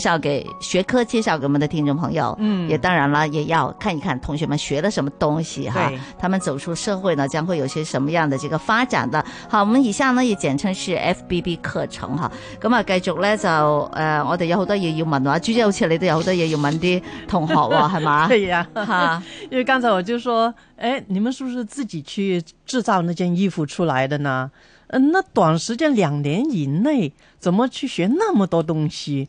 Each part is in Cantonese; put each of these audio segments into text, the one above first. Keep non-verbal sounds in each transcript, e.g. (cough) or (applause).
介紹給學科，介紹給我們的聽眾朋友，嗯，也當然了，也要看一看同學們學了什麼東西哈。他們走出社會呢，將會有些什麼樣的這個發展的好。我們以下呢也簡稱是 FBB 課程哈。咁啊，繼續呢，就呃，我哋有好多嘢要問啊，最近好似你都有好多嘢要問啲同學啊，係 (laughs) 嘛是嗎？ (laughs) 對呀、啊，哈 (laughs) 因為剛才我就說，哎，你們是不是自己去製造那件衣服出來的呢？嗯、呃，那短時間兩年以內，怎麼去學那麼多東西？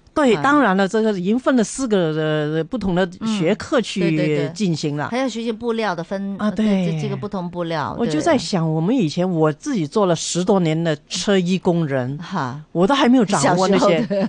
對，當然了，這個已經分了四個不同的學科去進行了。嗯對對對，還要學習布料的分啊，對，對就這個不同布料，我就在想，我們以前我自己做了十多年的車衣工人，哈、嗯，我都還沒有掌握那些，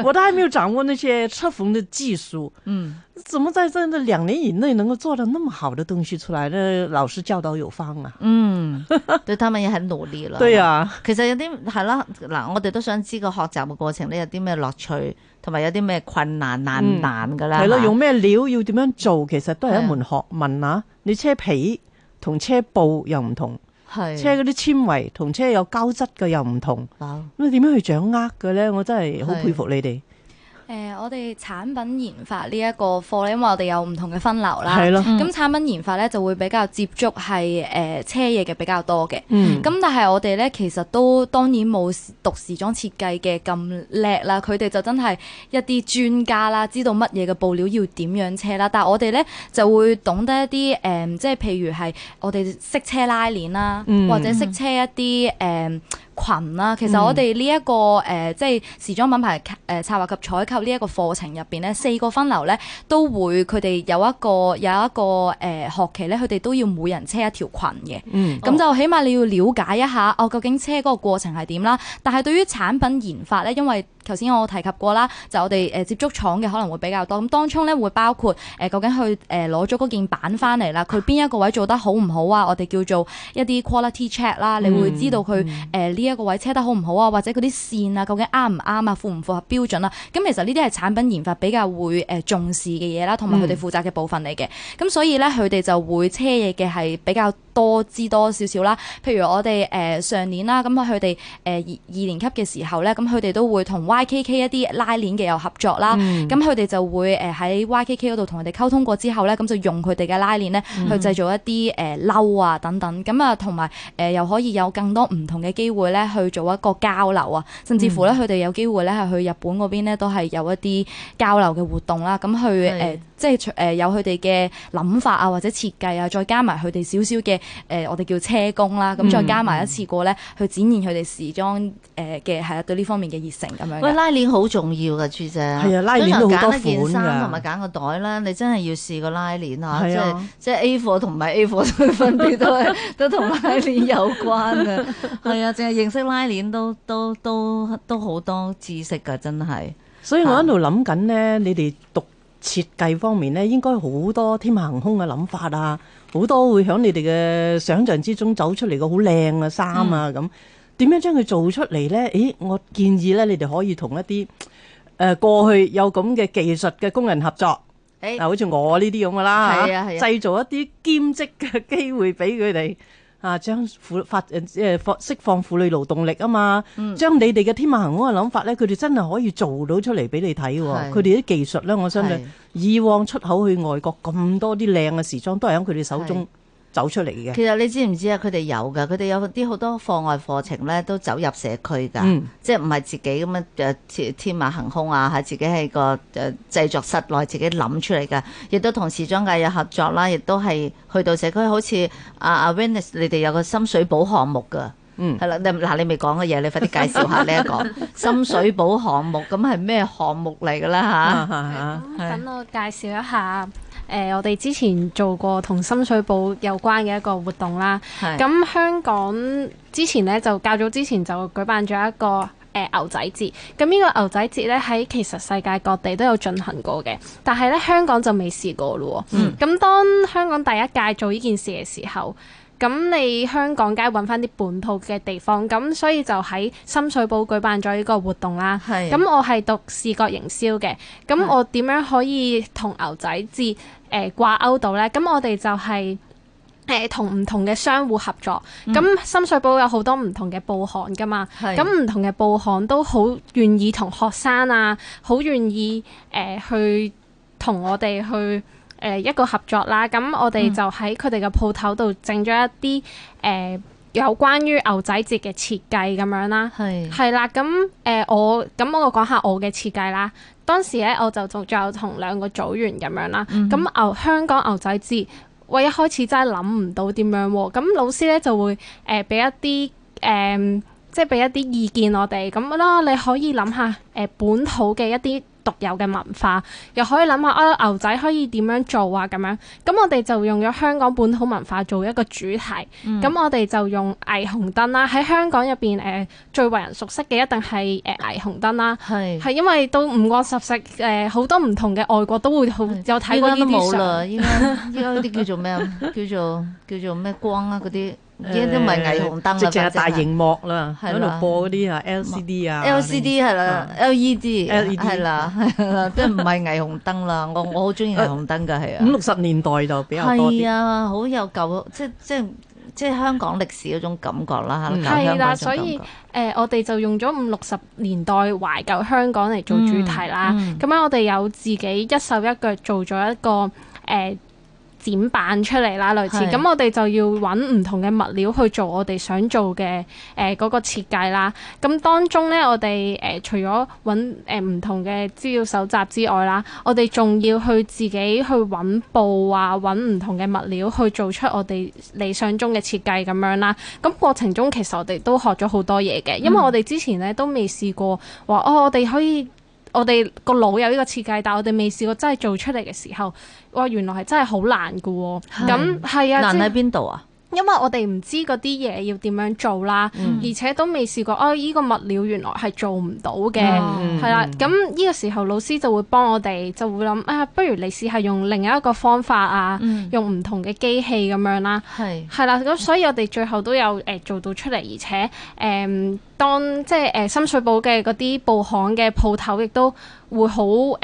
(laughs) 我都還沒有掌握那些車縫的技術，嗯。怎麼在這樣的兩年以內能夠做到那麼好的東西出來呢？呢老師教導有方啊！ (laughs) 嗯，對，他們也很努力啦。 (laughs) 對啊，其實有啲係啦，嗱，我哋都想知個學習嘅過程咧有啲咩樂趣，同埋有啲咩困難，難唔難噶啦？係咯、嗯，用咩料要點樣做，其實都係一門學問，是問啊！你車皮同車布又唔同，係是車嗰啲纖維同車有膠質嘅又唔同，咁你點樣去掌握嘅咧？我真係好佩服你哋。誒、呃，我哋產品研發呢一個課咧，因為我哋有唔同嘅分流啦。咁咯產品研發咧就會比較接觸係誒、呃、車嘢嘅比較多嘅。咁、嗯、但係我哋咧其實都當然冇讀時裝設計嘅咁叻啦。佢哋就真係一啲專家啦，知道乜嘢嘅布料要點樣車啦。但係我哋咧就會懂得一啲誒，即、呃、係譬如係我哋識車拉鍊啦，嗯、或者識車一啲誒。呃群啦，其實我哋呢一個誒、嗯呃，即係時裝品牌誒、呃、策劃及採購呢一個課程入邊呢，四個分流呢都會佢哋有一個有一個誒、呃、學期呢，佢哋都要每人車一條裙嘅，咁、嗯、就起碼你要了解一下哦、呃，究竟車嗰個過程係點啦？但係對於產品研發呢，因為頭先我提及過啦，就我哋誒接觸廠嘅可能會比較多。咁當中咧會包括誒、呃、究竟佢誒攞咗嗰件板翻嚟啦，佢邊一個位做得好唔好啊？我哋叫做一啲 quality check 啦、嗯，你會知道佢誒呢一個位車得好唔好啊？或者嗰啲線啊，究竟啱唔啱啊？符唔符合標準啊？咁其實呢啲係產品研發比較會誒重視嘅嘢啦，同埋佢哋負責嘅部分嚟嘅。咁、嗯嗯、所以咧，佢哋就會車嘢嘅係比較。多知多少少啦，譬如我哋誒、呃、上年啦，咁佢哋誒二二年級嘅時候咧，咁佢哋都會同 YKK 一啲拉鏈嘅又合作啦，咁佢哋就會誒喺 YKK 嗰度同佢哋溝通過之後咧，咁就用佢哋嘅拉鏈咧去製造一啲誒褸啊等等，咁啊同埋誒又可以有更多唔同嘅機會咧去做一個交流啊，甚至乎咧佢哋有機會咧係去日本嗰邊咧都係有一啲交流嘅活動啦，咁去誒。嗯嗯呃即係誒有佢哋嘅諗法啊，或者設計啊，再加埋佢哋少少嘅誒，我哋叫車工啦、啊。咁再加埋一次過咧，去展現佢哋時裝誒嘅係啊，對呢方面嘅熱誠咁樣。喂，拉鏈好重要噶，朱姐。係啊，拉鏈都好多款㗎，通常揀一件衫同埋揀個袋啦，你真係要試個拉鏈啊！即係即係 A 貨同埋 A 貨都 (laughs) 分別都 (laughs) 都同拉鏈有關 (laughs) 啊。係啊，淨係認識拉鏈都都都都好多知識㗎，真係。所以我喺度諗緊咧，你哋讀，設計方面咧，應該好多天馬行空嘅諗法啊，好多會喺你哋嘅想像之中走出嚟嘅好靚嘅衫啊咁，點、嗯、樣將佢做出嚟呢？誒，我建議咧，你哋可以同一啲誒、呃、過去有咁嘅技術嘅工人合作，嗱、欸，好似我呢啲咁嘅啦，係啊、製造一啲兼職嘅機會俾佢哋。啊，將婦發即放、啊、釋放婦女勞動力啊嘛，嗯、將你哋嘅天馬行空嘅諗法咧，佢哋真係可以做到出嚟俾你睇喎、啊，佢哋啲技術咧，我相信是以往出口去外國咁多啲靚嘅時裝都係喺佢哋手中。走出嚟嘅，其實你知唔知啊？佢哋有嘅，佢哋有啲好多課外課程咧，都走入社區噶，嗯、即係唔係自己咁樣誒天馬行空啊？係自己係個誒製作室內自己諗出嚟嘅，亦都同時裝界有合作啦，亦都係去到社區，好似阿阿 Venus，你哋有個深水埗項目噶，嗯，係啦，嗱你未講嘅嘢，你快啲介紹下呢、這、一個 (laughs) 深水埗項目，咁係咩項目嚟嘅啦？吓、 (laughs) 嗯？咁我介紹一下。誒、呃，我哋之前做過同深水埗有關嘅一個活動啦。咁是香港之前咧就較早之前就舉辦咗一個誒、呃、牛仔節。咁呢個牛仔節咧，喺其實世界各地都有進行過嘅，但係咧，香港就未試過咯。咁、嗯、當香港第一屆做呢件事嘅時候，咁你香港街揾翻啲本土嘅地方，咁所以就喺深水埗舉辦咗呢個活動啦。咁是我係讀視覺營銷嘅，咁我點樣可以同牛仔節，誒、呃、掛鈎到咧，咁我哋就係、是、誒、呃、同唔同嘅商戶合作。咁、嗯、深水埗有好多唔同嘅布行㗎嘛，咁唔是同嘅布行都好願意同學生啊，好願意誒、呃、去同我哋去誒、呃、一個合作啦。咁我哋就喺佢哋嘅鋪頭度整咗一啲誒、嗯呃、有關於牛仔節嘅設計咁樣啦。係係是啦，咁誒、呃、我咁我講下我嘅設計啦。當時咧，我就仲有同兩個組員咁樣啦。咁、嗯、哼牛香港牛仔節，我一開始真係諗唔到點樣喎。咁老師咧就會誒俾、呃、一啲誒、呃，即係俾一啲意見我哋咁咯。你可以諗下誒、呃、本土嘅一啲。獨有嘅文化，又可以諗下啊牛仔可以點樣做啊咁樣，咁我哋就用咗香港本土文化做一個主題，咁、嗯、我哋就用霓虹燈啦。喺香港入邊誒，最為人熟悉嘅一定係誒霓虹燈啦，係係是因為都五光十色，誒、呃、好多唔同嘅外國都會好有睇過呢啲相。依家依家啲叫做咩啊？ (laughs) 叫做叫做咩光啊嗰啲。依家都唔係霓虹燈啦，直情係大型幕啦，喺度播嗰啲啊 LCD 啊，LCD 係啦，LED 係啦，都唔係霓虹燈啦。我我好中意霓虹燈噶係啊，五六十年代就比較多啲係啊，好有舊即即即香港歷史嗰種感覺啦。係啦，所以誒，我哋就用咗五六十年代懷舊香港嚟做主題啦。咁樣我哋有自己一手一腳做咗一個誒。展板出嚟啦，類似咁我哋就要揾唔同嘅物料去做我哋想做嘅誒嗰個設計啦。咁當中呢，我哋誒、呃、除咗揾唔同嘅資料搜集之外啦，我哋仲要去自己去揾布啊，揾唔同嘅物料去做出我哋理想中嘅設計咁樣啦。咁過程中其實我哋都學咗好多嘢嘅，因為我哋之前呢都未試過話哦，我哋可以。我哋個腦有呢個設計，但係我哋未試過真係做出嚟嘅時候，哇！原來係真係好難㗎。咁係是啊，難喺邊度啊？因為我哋唔知嗰啲嘢要點樣做啦，嗯、而且都未試過。哦、哎、呢、這個物料原來係做唔到嘅，係啦、嗯。咁呢個時候老師就會幫我哋，就會諗啊，不如你試下用另一個方法啊，嗯、用唔同嘅機器咁樣啦。係係啦，咁所以我哋最後都有誒、呃、做到出嚟，而且誒。呃當即係誒、呃、深水埗嘅嗰啲布行嘅鋪頭亦都會好誒，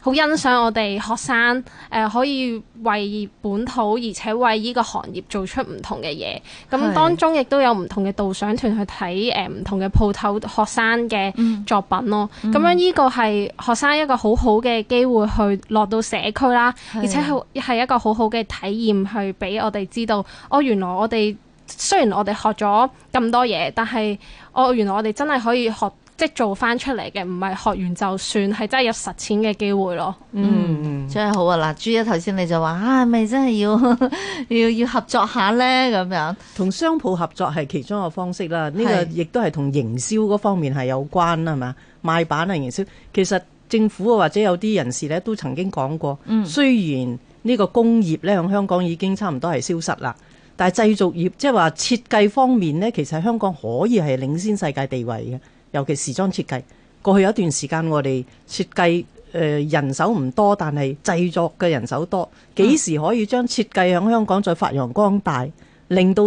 好、呃、欣賞我哋學生誒、呃、可以為本土而且為呢個行業做出唔同嘅嘢。咁的當中亦都有唔同嘅導賞團去睇誒唔同嘅鋪頭，學生嘅作品咯。咁、嗯、樣呢個係學生一個好好嘅機會去落到社區啦，的而且係一個好好嘅體驗去俾我哋知道，哦，原來我哋。雖然我哋學咗咁多嘢，但係我、哦、原來我哋真係可以學即係做翻出嚟嘅，唔係學完就算，係真係有實踐嘅機會咯。嗯，嗯，真係好啊！嗱，朱一頭先你就話啊，咪真係要呵呵要要合作下呢？咁樣，同商鋪合作係其中一個方式啦。呢是個亦都係同營銷嗰方面係有關啦，係嘛賣板啊，營銷。其實政府或者有啲人士咧都曾經講過，嗯、雖然呢個工業咧響香港已經差唔多係消失啦。但係製造業，即係話設計方面呢，其實香港可以係領先世界地位嘅，尤其時裝設計。過去有一段時間，我哋設計誒、呃、人手唔多，但係製作嘅人手多。幾時可以將設計響香港再發揚光大，令到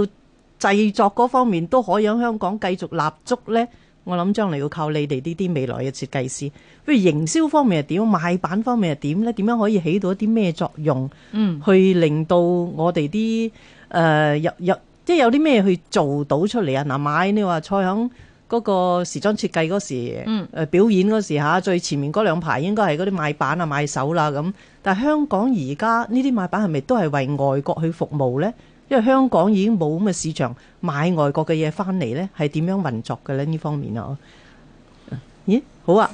製作嗰方面都可以響香港繼續立足呢？我諗將嚟要靠你哋呢啲未來嘅設計師，不如營銷方面係點，買版方面係點咧？點樣可以起到一啲咩作用？嗯，去令到我哋啲誒有有，即係有啲咩去做到出嚟啊？嗱、呃，買你話坐響嗰個時裝設計嗰時、呃，表演嗰時嚇，最前面嗰兩排應該係嗰啲買版啊、買手啦咁。但係香港而家呢啲買版係咪都係為外國去服務咧？因為香港已經冇咁嘅市場買外國嘅嘢翻嚟咧，係點樣運作嘅咧？呢方面啊，咦？Yeah? 好啊。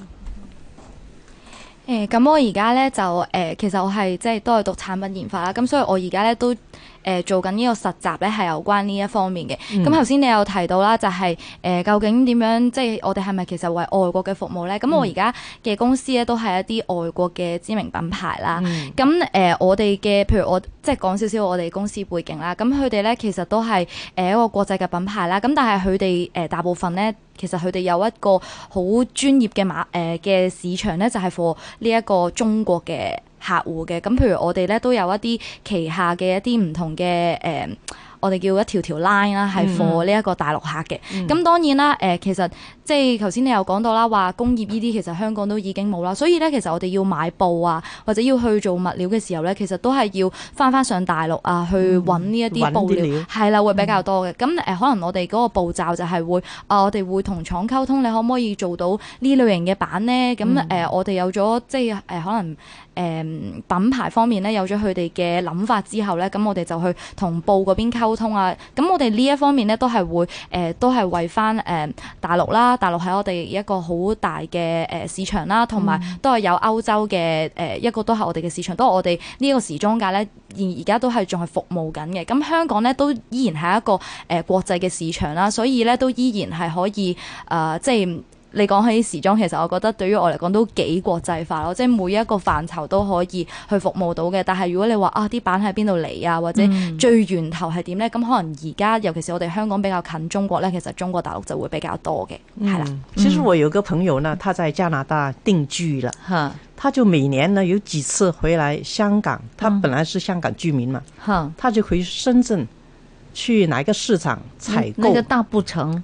誒、呃，咁、嗯、我而家咧就誒、呃，其實我係即係都係讀產品研發啦。咁、嗯、所以我而家咧都。誒、呃、做緊呢個實習咧係有關呢一方面嘅。咁頭先你有提到啦、就是，就係誒究竟點樣即係我哋係咪其實為外國嘅服務咧？咁、嗯、我而家嘅公司咧都係一啲外國嘅知名品牌啦。咁誒、嗯呃、我哋嘅譬如我即係講少少我哋公司背景啦。咁佢哋咧其實都係誒一個國際嘅品牌啦。咁但係佢哋誒大部分咧其實佢哋有一個好專業嘅馬誒嘅市場咧，就係 for 呢一個中國嘅。客戶嘅，咁，譬如我哋咧都有一啲旗下嘅一啲唔同嘅誒、呃，我哋叫一條條 line 啦，係貨呢一個大陸客嘅。咁、嗯、當然啦，誒、呃、其實。即係頭先你又講到啦，話工業呢啲其實香港都已經冇啦，所以咧其實我哋要買布啊，或者要去做物料嘅時候咧，其實都係要翻翻上大陸啊，去揾呢一啲布料，係啦、嗯，會比較多嘅。咁誒、嗯呃、可能我哋個步驟就係會啊，我哋會同廠溝通，你可唔可以做到呢類型嘅版咧？咁誒、呃嗯呃、我哋有咗即係誒、呃、可能誒、呃、品牌方面咧有咗佢哋嘅諗法之後咧，咁我哋就去同布嗰邊溝通啊。咁我哋呢一方面咧都係會誒、呃呃、都係為翻誒大陸啦。大陸係我哋一個好大嘅誒市場啦，同埋都係有歐洲嘅誒一個都係我哋嘅市場，嗯、都係我哋呢個時裝界咧，而而家都係仲係服務緊嘅。咁香港咧都依然係一個誒國際嘅市場啦，所以咧都依然係可以誒、呃、即係。你講起時裝，其實我覺得對於我嚟講都幾國際化咯，即係每一個範疇都可以去服務到嘅。但係如果你話啊，啲版喺邊度嚟啊，或者最源頭係點呢？咁、嗯、可能而家尤其是我哋香港比較近中國呢，其實中國大陸就會比較多嘅，係啦、嗯。的其實我有個朋友呢，他在加拿大定居啦，嗯、他就每年呢有幾次回來香港。他本來是香港居民嘛，嗯、他就回深圳去哪一個市場採購？嗯、那個、大布城。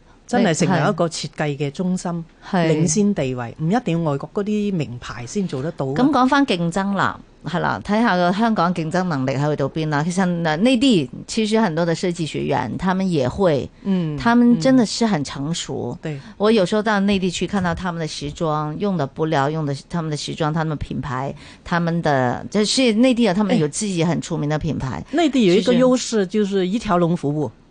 真係成為一個設計嘅中心，是領先地位，唔一定要外國嗰啲名牌先做得到。咁講返競爭啦，係啦，睇下個香港競爭能力喺到邊啦。其實內地其實很多嘅設計學院，他們也會，嗯，他們真的是很成熟。嗯嗯、對，我有時候到內地去，看到他們嘅時裝用的布料，用的他們嘅時裝，他們品牌，他們的就是內地啊，他們有自己很出名的品牌。欸、內地有一個優勢，是嗯、就是一條龍服務。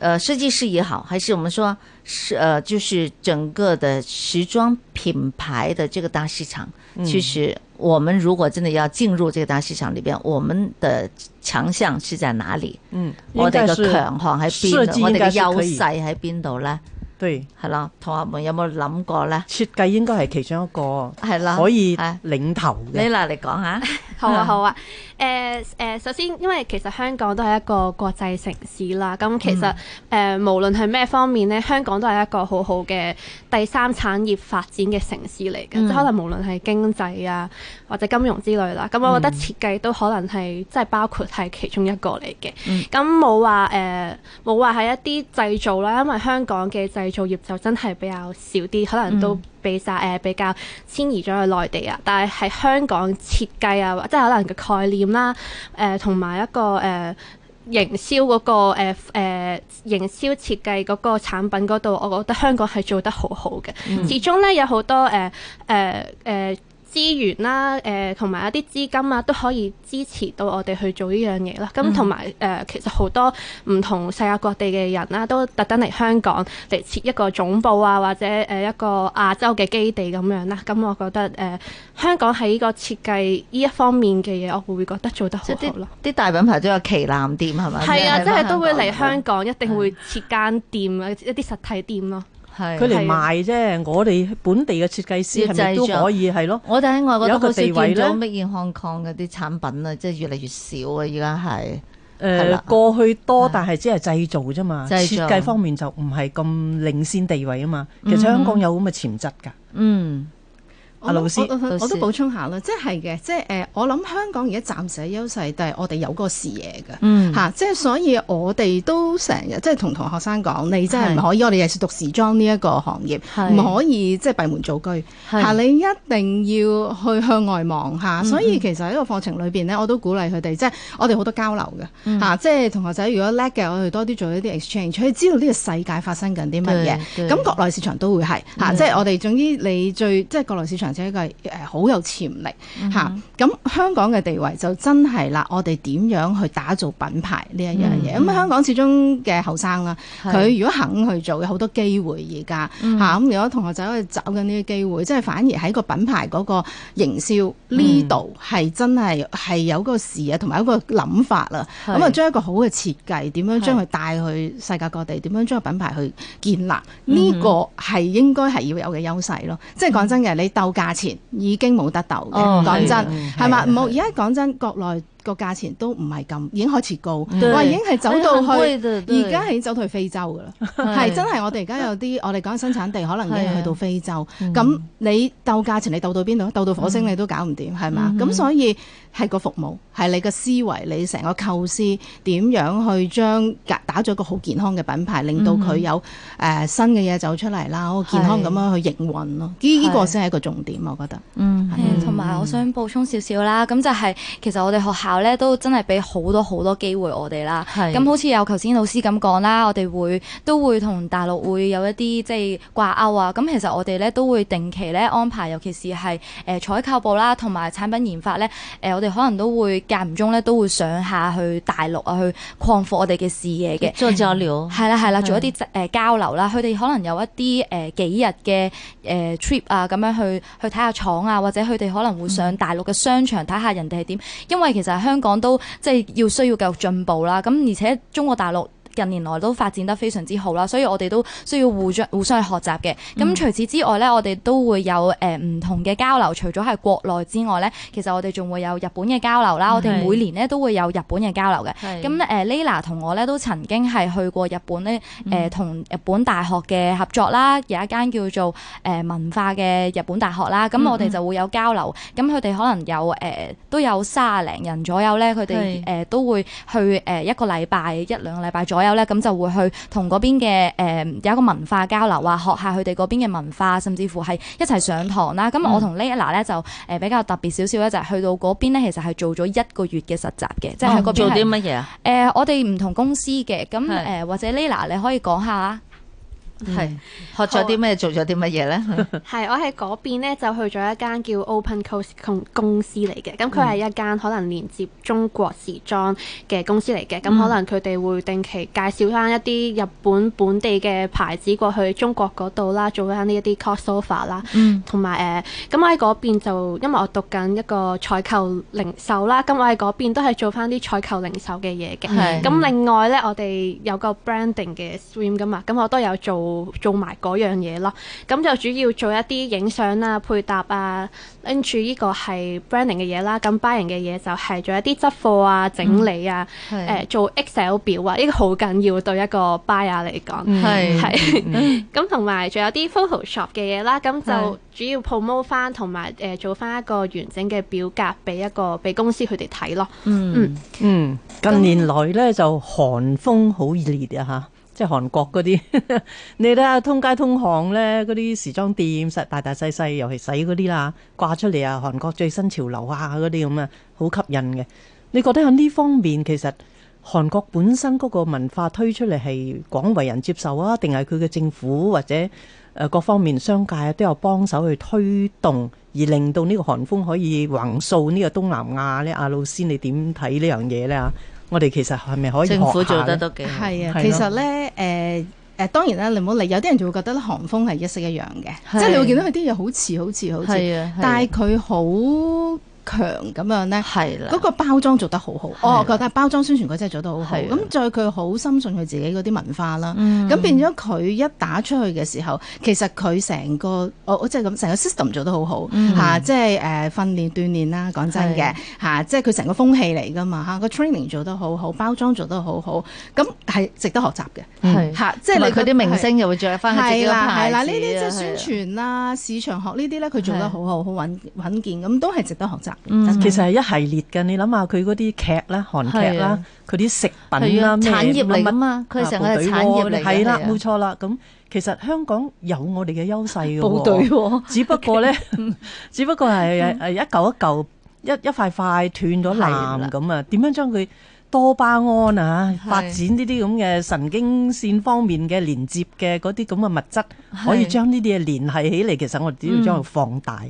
誒，設計師也好，還是我們說，是、呃、誒，就是整個的時裝品牌的這個大市場，其實、嗯、我們如果真的要進入這個大市場裏邊，我們的強項是在哪裏？嗯，我哋嘅強項喺邊度？我哋嘅優勢喺邊度呢？對，係咯，同學們有冇諗過呢？設計對應該係其中一個，係啦，可以領頭嘅。你嗱嚟講下。好啊，好啊，誒、呃、誒、呃，首先因為其實香港都係一個國際城市啦，咁其實誒、嗯呃、無論係咩方面咧，香港都係一個好好嘅第三產業發展嘅城市嚟嘅，嗯、即可能無論係經濟啊或者金融之類啦，咁我覺得設計都可能係即係包括係其中一個嚟嘅，咁冇話誒冇話係一啲製造啦，因為香港嘅製造業就真係比較少啲，可能都、嗯。比較遷移咗去內地啊，但係喺香港設計啊，即係可能嘅概念啦，誒同埋一個誒、呃、營銷嗰、嗰個誒誒、呃、營銷設計嗰個產品嗰度，我覺得香港係做得好好嘅。嗯、始終呢，有好多誒誒誒。呃呃呃資源啦、啊，誒同埋一啲資金啊，都可以支持到我哋去做呢樣嘢啦。咁同埋誒，其實好多唔同世界各地嘅人啦、啊，都特登嚟香港嚟設一個總部啊，或者誒一個亞洲嘅基地咁樣啦、啊。咁、嗯、我覺得誒、呃，香港喺個設計呢一方面嘅嘢，我會覺得做得好好咯。啲大品牌都有旗艦店係咪？係啊，即係都會嚟香港，香港一定會設間店啊， (laughs) 一啲實體店咯。佢嚟賣啫，的我哋本地嘅設計師係咪都可以？係咯，的我哋喺外國都好少見咗乜嘢 Hong Kong 嘅啲產品啊，即係越嚟越少啊！而家係誒過去多，但係只係製造啫嘛，啊、設計方面就唔係咁領先地位啊嘛。造其實香港有咁嘅潛質㗎。嗯。嗯。老師我我我，我，我都補充下啦，即係嘅，即係誒、呃，我諗香港而家暫時嘅優勢，就係我哋有嗰個視野嘅，嚇、嗯啊，即係所以我哋都成日即係同同學生講，你真係唔可以，是我哋又係讀時裝呢一個行業，唔是可以即係閉門造車，嚇是、啊、你一定要去向外望下、啊。所以其實喺個課程裏邊咧，我都鼓勵佢哋，即係我哋好多交流嘅嚇、嗯啊，即係同學仔如果叻嘅，我哋多啲做一啲 exchange，佢知道呢個世界發生緊啲乜嘢，咁國內市場都會係嚇，啊、對即係我哋總之你最即係國內市場。而且佢誒好有潛力吓，咁香港嘅地位就真係啦。我哋點樣去打造品牌呢一樣嘢？咁香港始終嘅後生啦，佢如果肯去做，有好多機會，而家吓，咁如果同學仔可以抓緊呢啲機會，即係反而喺個品牌嗰個營銷呢度係真係係有嗰個視野同埋一個諗法啦。咁啊，將一個好嘅設計點樣將佢帶去世界各地，點樣將個品牌去建立？呢個係應該係要有嘅優勢咯。即係講真嘅，你鬥。價錢已經冇得鬥嘅，講、哦、真，係嘛的？冇而家講真，的國內。個價錢都唔係咁，已經開始高，哇！已經係走到去，而家已經走到去非洲㗎啦。係真係，我哋而家有啲，我哋講生產地可能已經去到非洲。咁你鬥價錢，你鬥到邊度？鬥到火星你都搞唔掂，係嘛？咁所以係個服務，係你嘅思維，你成個構思點樣去將打咗一個好健康嘅品牌，令到佢有誒新嘅嘢走出嚟啦，好健康咁樣去營運咯。呢依個先係一個重點，我覺得。嗯，同埋我想補充少少啦。咁就係其實我哋學校。咧都真係俾好多好多機會我哋啦，咁好似有頭先老師咁講啦，我哋會都會同大陸會有一啲即係掛鈎啊，咁其實我哋咧都會定期咧安排，尤其是係誒、呃、採購部啦，同埋產品研發咧，誒、呃、我哋可能都會間唔中咧都會上下去大陸啊，去擴闊我哋嘅視野嘅，做交流，係啦係啦，做一啲誒、呃、交流啦，佢哋可能有一啲誒、呃、幾日嘅誒 trip 啊咁樣去去睇下廠啊，或者佢哋可能會上大陸嘅商場睇下人哋係點，因為其實。香港都即係要需要繼續進步啦，咁而且中國大陸，近年來都發展得非常之好啦，所以我哋都需要互相互相去學習嘅。咁除此之外呢，我哋都會有誒唔同嘅交流。除咗係國內之外呢，其實我哋仲會有日本嘅交流啦。我哋每年呢，都會有日本嘅交流嘅。咁誒 Lena 同我呢，都曾經係去過日本呢，誒，同日本大學嘅合作啦，有一間叫做誒文化嘅日本大學啦。咁我哋就會有交流。咁佢哋可能有誒都有卅零人左右呢，佢哋誒都會去誒一個禮拜一兩個禮拜左右。咁就會去同嗰邊嘅誒、呃，有一個文化交流啊，學下佢哋嗰邊嘅文化，甚至乎係一齊上堂啦。咁、嗯、我同 Layla 咧就誒比較特別少少咧，就係、是、去到嗰邊咧，其實係做咗一個月嘅實習嘅，哦、即係喺嗰邊做啲乜嘢啊？誒、呃，我哋唔同公司嘅，咁誒是、呃、或者 Layla 你可以講下係學咗啲咩？好做咗啲乜嘢咧？係 (laughs) 我喺嗰邊咧，就去咗一間叫 Open Coast Co 公司嚟嘅。咁佢係一間可能連接中國時裝嘅公司嚟嘅。咁、嗯、可能佢哋會定期介紹翻一啲日本本地嘅牌子過去中國嗰度啦，做翻呢一啲 crossover 啦。同埋誒，咁、呃、我喺嗰邊就因為我讀緊一個採購零售啦。咁我喺嗰邊都係做翻啲採購零售嘅嘢嘅。咁是、嗯、另外咧，我哋有個 branding 嘅 stream 噶嘛。咁我都有做。做埋嗰樣嘢咯，咁就主要做一啲影相啊、配搭啊，跟住呢個係 branding 嘅嘢啦、啊。咁 buying 嘅嘢就係做一啲執貨啊、整理啊，誒的、呃、做 Excel 表啊，呢個好緊要對一個 buyer 嚟講。係係的，咁同埋仲有啲 Photoshop 嘅嘢啦、啊。咁就主要 promote 翻，同埋誒做翻一個完整嘅表格俾一個俾公司佢哋睇咯。嗯嗯，嗯嗯近年來咧就韓風好熱烈啊吓。即係韓國嗰啲， (laughs) 你睇下通街通巷咧，嗰啲時裝店，實大大細細，尤其使嗰啲啦，掛出嚟啊，韓國最新潮流啊，嗰啲咁啊，好吸引嘅。你覺得喺呢方面，其實韓國本身嗰個文化推出嚟係廣為人接受啊，定係佢嘅政府或者誒各方面商界、啊、都有幫手去推動，而令到呢個韓風可以橫掃呢個東南亞呢？阿老師，你點睇呢樣嘢咧？啊！我哋其實係咪可以學下？政府做得都幾好，係啊！的的其實咧，誒、呃、誒，當然啦，你唔好理，有啲人就會覺得咧，韓風係一式一樣嘅，的即係你會見到佢啲嘢好似好似好似，但係佢好強咁樣咧，係啦，嗰個包裝做得好好，哦，我覺得包裝宣傳佢真係做得好好。咁再佢好深信佢自己嗰啲文化啦，咁變咗佢一打出去嘅時候，其實佢成個我即係咁，成個 system 做得好好嚇，即係誒訓練鍛鍊啦。講真嘅嚇，即係佢成個風氣嚟噶嘛嚇，個 training 做得好好，包裝做得好好，咁係值得學習嘅，嚇，即係你佢啲明星又會著翻自己嘅牌子。係啦，係啦，呢啲即係宣傳啦、市場學呢啲咧，佢做得好好，好穩穩健咁，都係值得學習。嗯，其實係一系列嘅，你諗下佢嗰啲劇啦、韓劇啦，佢啲食品啦，產業嚟啊嘛，佢成個係產業嚟，係啦，冇錯啦。咁其實香港有我哋嘅優勢嘅，只不過咧，只不過係係一嚿一嚿一一塊塊斷咗嚟咁啊。點樣將佢多巴胺啊，發展呢啲咁嘅神經線方面嘅連接嘅嗰啲咁嘅物質，可以將呢啲嘢聯繫起嚟。其實我哋只要將佢放大。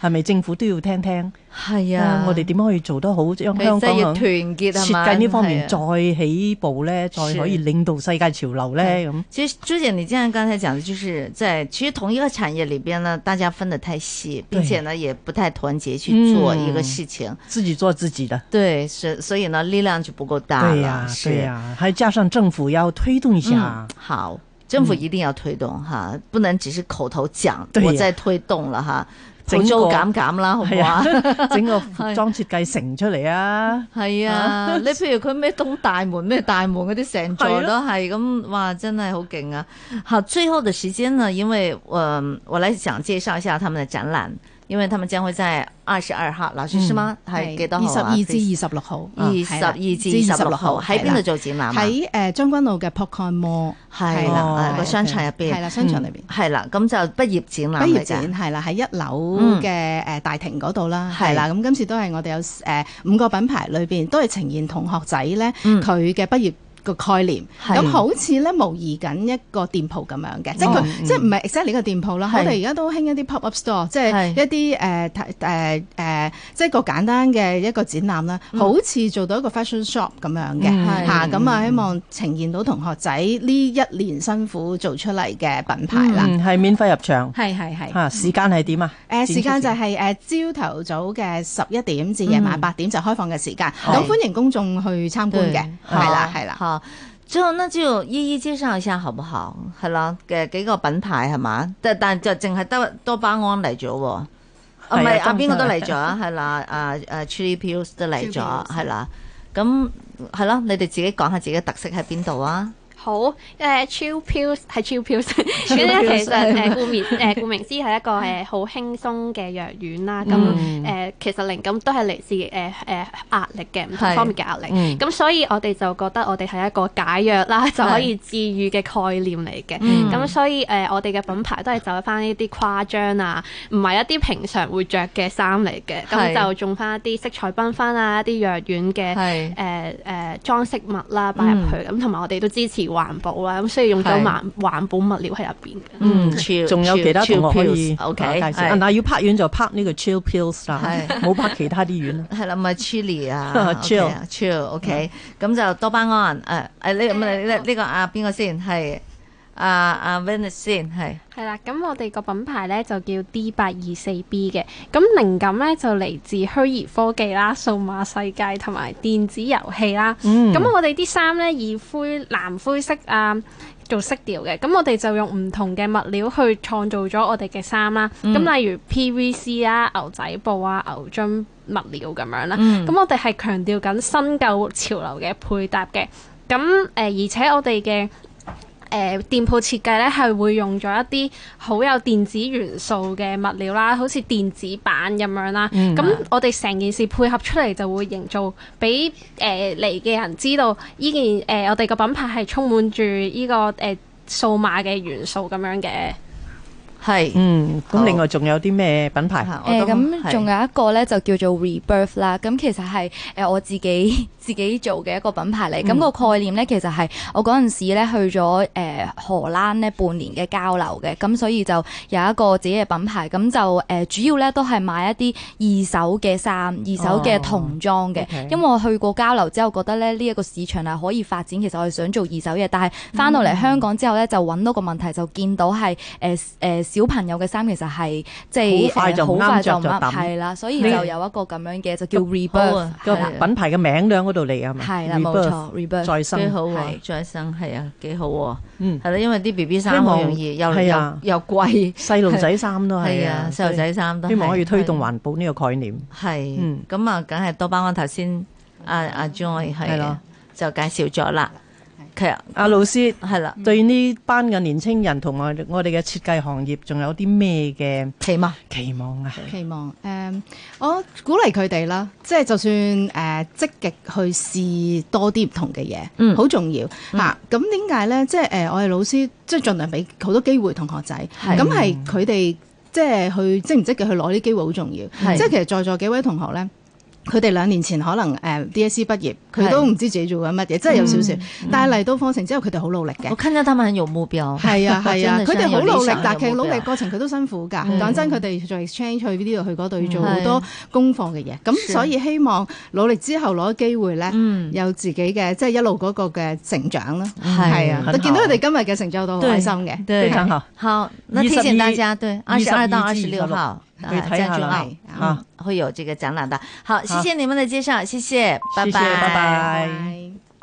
係咪政府都要聽聽？係啊，我哋點樣可以做得好？即香港啊，設計呢方面再起步咧，再可以領導世界潮流咧咁。其實朱姐，你這樣剛才講的，就是在其實同一個產業裏邊呢，大家分得太細，並且呢也不太團結去做一個事情，自己做自己的。對，所所以呢力量就不夠大。對呀，對啊，還加上政府要推動一下。好，政府一定要推動哈，不能只是口頭講，我在推動了哈。整租減減啦，個好唔吧好啊？整個服裝設計成出嚟啊！係 (laughs) 啊，你譬如佢咩東大門咩大門嗰啲成座都係咁，哇，真係好勁啊！好，最後嘅時間呢，因為誒、呃，我來想介紹一下他們嘅展覽。因為他們將會在二十二號，劉先生嗎？係幾多號啊？二十二至二十六號。二十二至二十六號喺邊度做展覽啊？喺誒將軍澳嘅 PopCorn Mall，係啦，個商場入邊，係啦，商場裏邊，係啦。咁就畢業展覽，畢業展，係啦，喺一樓嘅誒大庭嗰度啦，係啦。咁今次都係我哋有誒五個品牌，裏邊都係呈現同學仔咧佢嘅畢業。個概念，咁好似咧模擬緊一個店鋪咁樣嘅，即係佢即係唔係 exactly 個店鋪啦。我哋而家都興一啲 pop up store，即係一啲誒誒誒，即係個簡單嘅一個展覽啦。好似做到一個 fashion shop 咁樣嘅嚇，咁啊希望呈現到同學仔呢一年辛苦做出嚟嘅品牌啦。嗯，係免費入場，係係係嚇。時間係點啊？誒時間就係誒朝頭早嘅十一點至夜晚八點，就開放嘅時間。咁歡迎公眾去參觀嘅，係啦係啦。哦，最後呢依依之後那就一一介紹一下，好不好？係啦，嘅幾個品牌係嘛，但但就淨係得多巴胺嚟咗，唔係啊，邊個都嚟咗，係啦，誒誒，Tree Pills (laughs) 啊、都嚟咗，係啦，咁係咯，你哋自己講下自己特色喺邊度啊？好誒 chill pills 係 chill pills，跟住其實誒顧名誒顧名思係一個誒好輕鬆嘅藥丸啦。咁誒其實靈感都係嚟自誒誒壓力嘅唔同方面嘅壓力。咁所以我哋就覺得我哋係一個解藥啦，就可以治愈嘅概念嚟嘅。咁所以誒我哋嘅品牌都係走翻呢啲誇張啊，唔係一啲平常會着嘅衫嚟嘅。咁就種翻一啲色彩繽紛啊，一啲藥丸嘅誒誒裝飾物啦擺入去。咁同埋我哋都支持。環保啦，咁所以用咗環環保物料喺入邊嘅。嗯，仲有其他同學可以 OK 介紹。要拍遠就拍呢個 chill pills 啦，冇拍其他啲遠啦。係啦，唔係 chili 啊，chill chill OK，咁就多巴胺。誒誒，呢唔係呢？呢個啊邊個先係？啊啊 Vincent 係係啦，咁，uh, uh, hey. 我哋個品牌咧就叫 D 八二四 B 嘅，咁靈感咧就嚟自虛擬科技啦、數碼世界同埋電子遊戲啦。咁，嗯、我哋啲衫咧以灰藍灰色啊做色調嘅，咁我哋就用唔同嘅物料去創造咗我哋嘅衫啦。咁，嗯、例如 PVC 啊、牛仔布啊、牛津物料咁樣啦。咁，嗯、我哋係強調緊新舊潮流嘅配搭嘅。咁誒、呃，而且我哋嘅誒、呃、店鋪設計咧係會用咗一啲好有電子元素嘅物料啦，好似電子板咁樣啦。咁、嗯啊、我哋成件事配合出嚟就會營造俾誒嚟嘅人知道，呢件誒我哋個品牌係充滿住呢、呢個誒、呃、數碼嘅元素咁樣嘅。係，是嗯，咁、嗯、另外仲有啲咩品牌？誒、呃，咁仲都、呃、有一個咧，就叫做 Rebirth 啦是。咁其實係誒我自己自己做嘅一個品牌嚟。咁、嗯、個概念咧，其實係我嗰陣時咧去咗誒、呃、荷蘭呢半年嘅交流嘅，咁所以就有一個自己嘅品牌。咁就誒、呃、主要咧都係買一啲二手嘅衫、二手嘅童裝嘅。哦 okay. 因為我去過交流之後，覺得咧呢一個市場係可以發展。其實我係想做二手嘢，但係翻到嚟香港之後咧，就揾到個問題，就見到係誒誒。嗯嗯小朋友嘅衫其實係即係好快就好啱就係啦，所以就有一個咁樣嘅就叫 reborn，品牌嘅名響嗰度嚟啊嘛，係啦，冇錯，reborn，幾好再生，係啊，幾好喎，係啦，因為啲 B B 衫好容易又又又貴，細路仔衫都係啊，細路仔衫都希望可以推動環保呢個概念，係，咁啊，梗係多巴我頭先阿阿 Joy 係咯，就介紹咗啦。其實阿老師係啦，對呢班嘅年青人同我我哋嘅設計行業仲有啲咩嘅期望？期望啊！期望誒，我鼓勵佢哋啦，即係就算誒積極去試多啲唔同嘅嘢，嗯，好重要嗱，咁點解咧？即係誒，我哋老師，即係盡量俾好多機會同學仔，咁係佢哋即係去積唔積極去攞啲機會好重要。即係的其實在座幾位同學咧。佢哋兩年前可能誒 DSC 畢業，佢都唔知自己做緊乜嘢，真係有少少。但係嚟到課程之後，佢哋好努力嘅。我睇到佢哋好有目標。係啊係啊，佢哋好努力，但係其實努力過程佢都辛苦㗎。講真，佢哋做 exchange 去呢度去嗰度要做好多功課嘅嘢。咁所以希望努力之後攞機會咧，有自己嘅即係一路嗰個嘅成長啦。係啊，見到佢哋今日嘅成就都好開心嘅。好。好，那提醒大家，對二十二到二十六號。啊，睇下啊，好、嗯、會有這個展覽的。好，啊、謝謝你們的介紹，謝謝，啊、拜拜謝謝，拜拜。